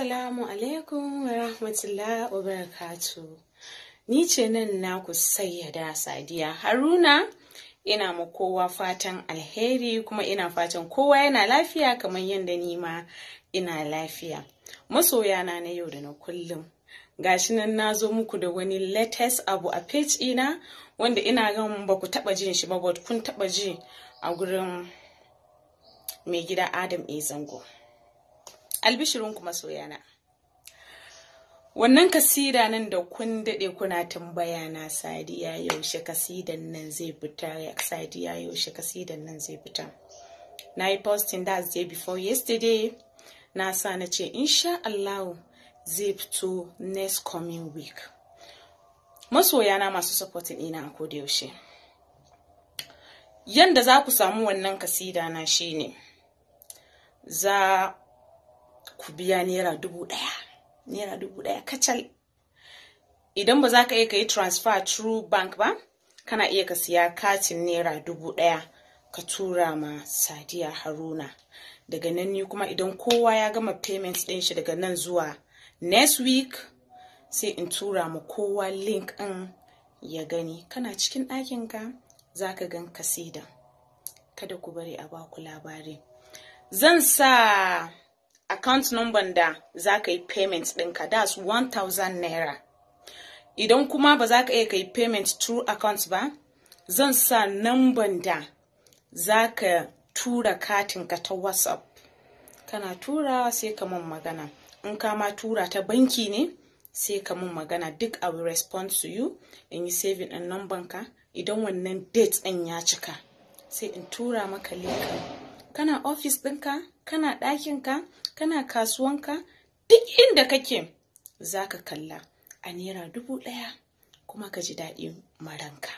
Assalamu alaikum wa rahmatullah wa barakatu. Ni ce nan na naku sayyada sadiya Haruna ina ma kowa fatan alheri kuma ina fatan kowa yana lafiya kamar yadda ni ma ina lafiya. Masoyana na yau da na kullum. Gashi nan na zo muku da wani latest abu a page ina wanda ina gan ba ku taba jin shi ba kun taba ji a gurin mai gida Adam Ezango. zango. albishirin kuma soyana wannan kasida nan da kun daɗe kuna tambaya na sadiya yaushe kasidan nan zai fita sadiya yaushe kasidan nan zai fita na yi posting that day before yesterday na sa na ce insha Allah zai fito next coming week masoya na masu supporting ina a koda yaushe yanda za ku samu wannan kasida na shine za ku biya naira dubu ɗaya naira dubu ɗaya kacal idan ba za ka iya ka yi transfer through bank ba kana iya ka siya katin naira dubu ɗaya ka tura ma sadiya haruna daga nan ni kuma idan kowa ya gama payment ɗin shi daga nan zuwa next week sai in tura ma kowa link ɗin ya gani kana cikin ɗakinka za ka gan kasida kada ku bari a baku labari zan sa account number da za ka yi payment ɗinka that's 1000 naira idan kuma ba za ka iya ka yi payment through account ba zan sa number da za ka tura katinka ta whatsapp kana tura sai ka mun magana in ka ma tura ta banki ne sai ka mun magana duk a will respond to you in yi saving in number ka idan wannan date ɗin ya cika sai in tura maka link kana office ɗinka kana ɗakinka kana kasuwanka duk inda kake za ka kalla a naira dubu ɗaya kuma ka ji daɗi maranka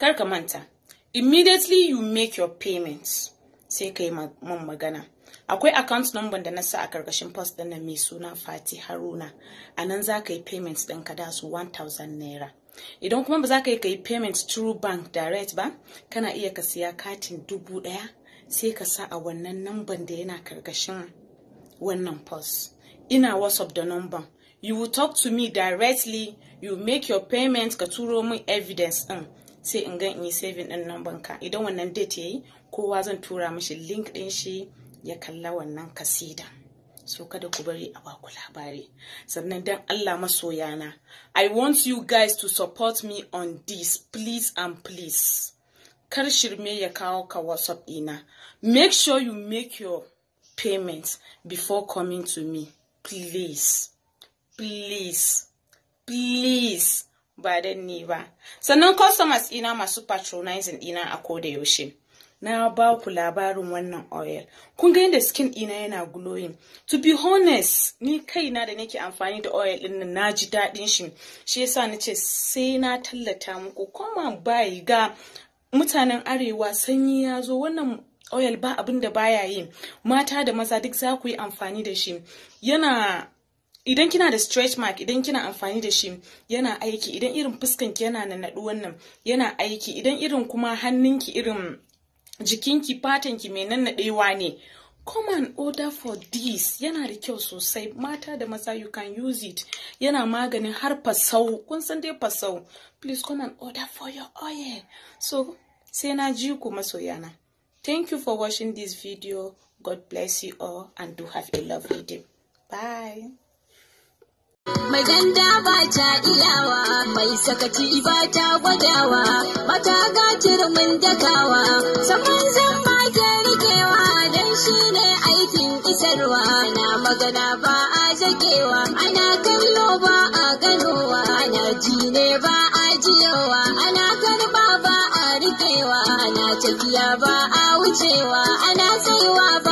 kar ka manta immediately you make your payments sai ka yi man magana akwai account number da na sa a karkashin post ɗin na mai suna fati haruna a nan za ka yi payments ɗin ka dasu 1000 naira idan kuma ba za ka yi ka yi payment through bank direct ba kana iya ka siya katin dubu ɗaya sai ka sa a wannan namban da yana karkashin wannan post ina whatsapp da namban you will talk to me directly you make your payment ka turo min evidence din sai in gan in yi saving din namban ka idan wannan date yayi kowa zan tura mishi link ɗin shi ya kalla wannan kasida so kada ku bari a baku labari sannan dan Allah masoyana i want you guys to support me on this please and please kar shirme ya kawo ka whatsapp ɗina make sure you make your payment before coming to me please please please ba dan ni ba sannan customers ɗina masu patronizing ɗina a koda yaushe na ba ku labarin wannan oil kun ga yadda skin ɗina yana glowing to be honest ni kaina da nake amfani da oil ɗin nan na ji daɗin shi shi yasa na ce sai na tallata muku kuma bai ga mutanen arewa sanyi ya zo wannan oil ba abin da baya yi mata da maza duk za ku yi amfani da shi yana idan kina da stretch mark idan kina amfani da shi yana aiki idan irin fuskanki yana nannaɗu wannan yana aiki idan irin kuma hannunki irin jikinki fatanki mai nannaɗewa ne common order for this yana da kyau sosai mata da maza you can use it yana maganin har fasau kun san dai fasau please come and order for your oil so sai na ji ku masoyana thank you for watching this video god bless you all and do have a lovely day bye Mai ganda ba ta ilawa, mai sakaci ba ta gwadawa, mata ta ga dagawa, saman faɗakarwa ana magana ba a zagewa ana kallo ba a ganowa ana ji ne ba a jiyowa ana karba ba a rikewa ana tafiya ba a wucewa ana saiwa ba